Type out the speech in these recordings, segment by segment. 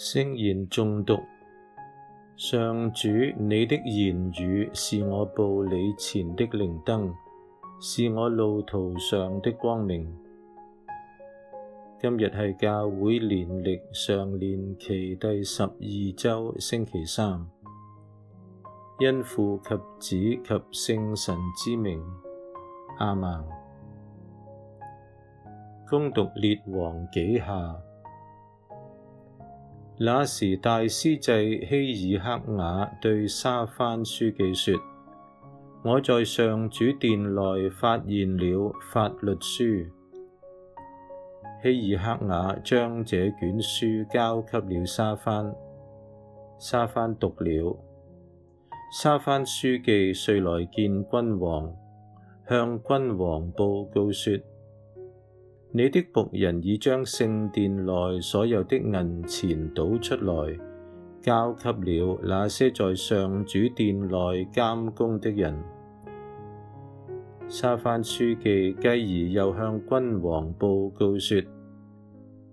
聖言誦讀，上主，你的言語是我步你前的靈燈，是我路途上的光明。今日係教會年曆常年期第十二周星期三，因父及子及聖神之名，阿們，恭讀列王紀下。那時，大司祭希耳克雅對沙番書記說：「我在上主殿內發現了法律書。」希耳克雅將這卷書交給了沙番。沙番讀了，沙番書記遂來見君王，向君王報告說。你的僕人已將聖殿內所有的銀錢倒出來，交給了那些在上主殿內監工的人。沙番書記繼而又向君王報告說：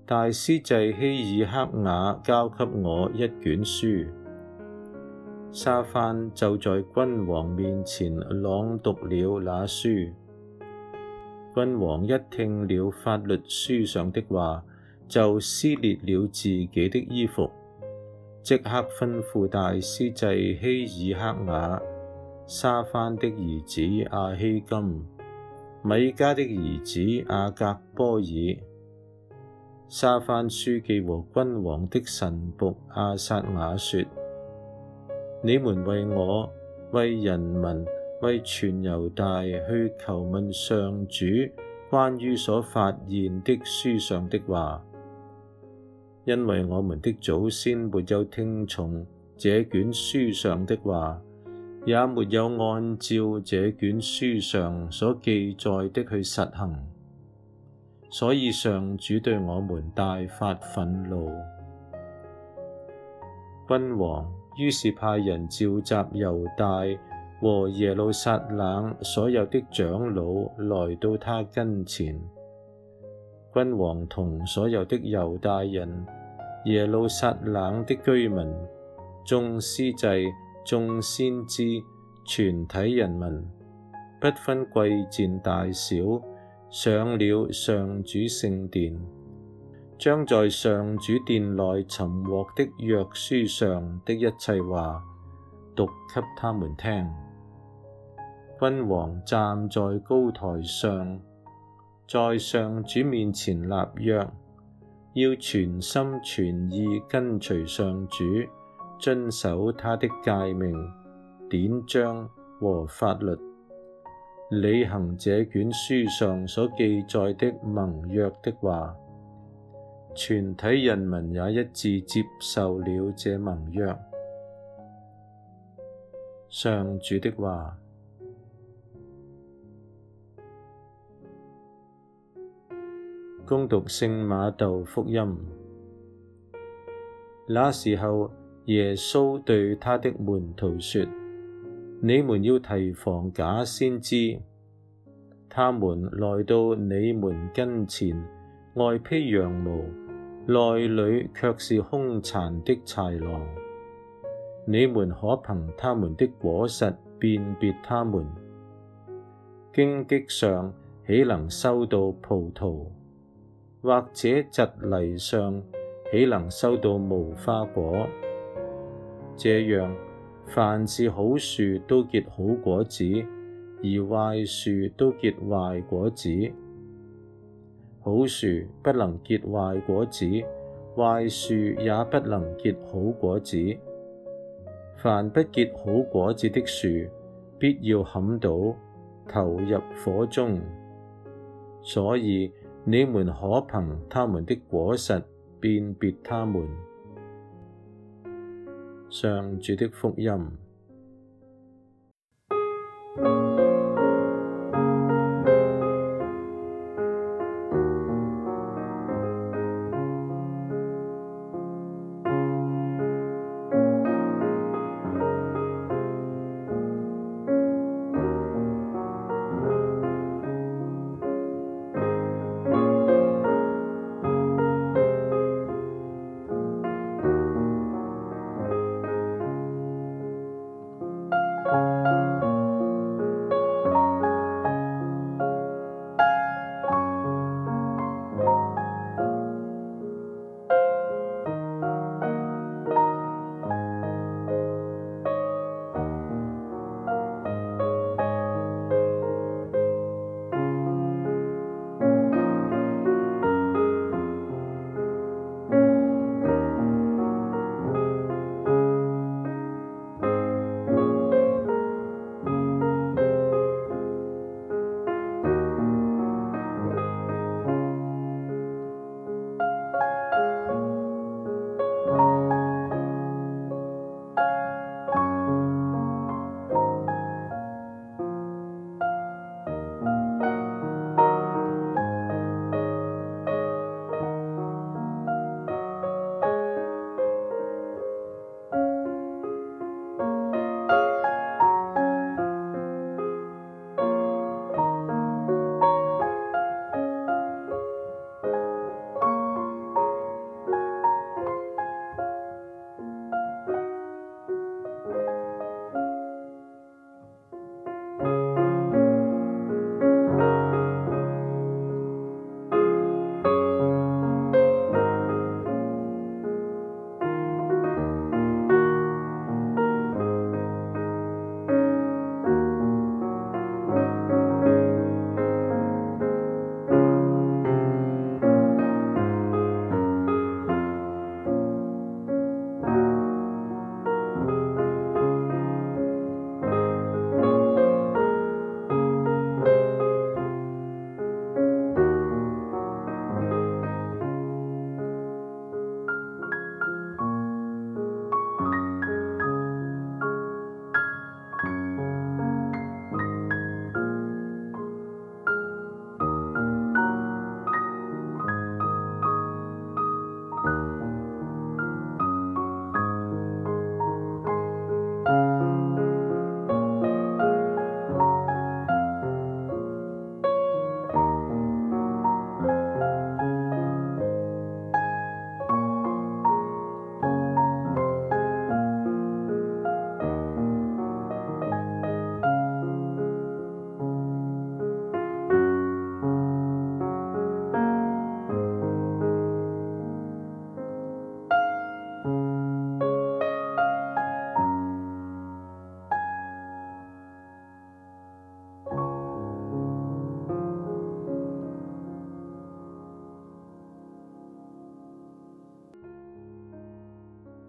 大司祭希爾克雅交給我一卷書。沙番就在君王面前朗讀了那書。君王一聽了法律書上的話，就撕裂了自己的衣服，即刻吩咐大司祭希耳克雅、沙番的兒子阿希甘、米加的兒子阿革波爾、沙番書記和君王的臣僕阿撒雅說：你們為我，為人民。為全猶大，去求問上主關於所發現的書上的話，因為我們的祖先沒有聽從這卷書上的話，也沒有按照這卷書上所記載的去實行，所以上主對我們大發憤怒。君王於是派人召集猶大。和耶路撒冷所有的長老來到他跟前，君王同所有的猶大人、耶路撒冷的居民、眾司祭、眾先知、全體人民，不分貴賤大小，上了上主聖殿，將在上主殿內尋獲的約書上的一切話。讀給他們聽。君王站在高台上，在上主面前立約，要全心全意跟隨上主，遵守他的誡命、典章和法律，履行這卷書上所記載的盟約的話。全體人民也一致接受了這盟約。上主的話，恭讀聖瑪竇福音。那時候，耶穌對他的門徒說：你們要提防假先知。他們來到你們跟前，外披羊毛，內裏卻是兇殘的豺狼。你們可憑他們的果實辨別他們。荊棘上豈能收到葡萄，或者蒺藜上豈能收到無花果？這樣，凡是好樹都結好果子，而壞樹都結壞果子。好樹不能結壞果子，壞樹也不能結好果子。凡不結好果子的樹，必要砍倒，投入火中。所以，你們可憑他們的果實辨別他們。上主的福音。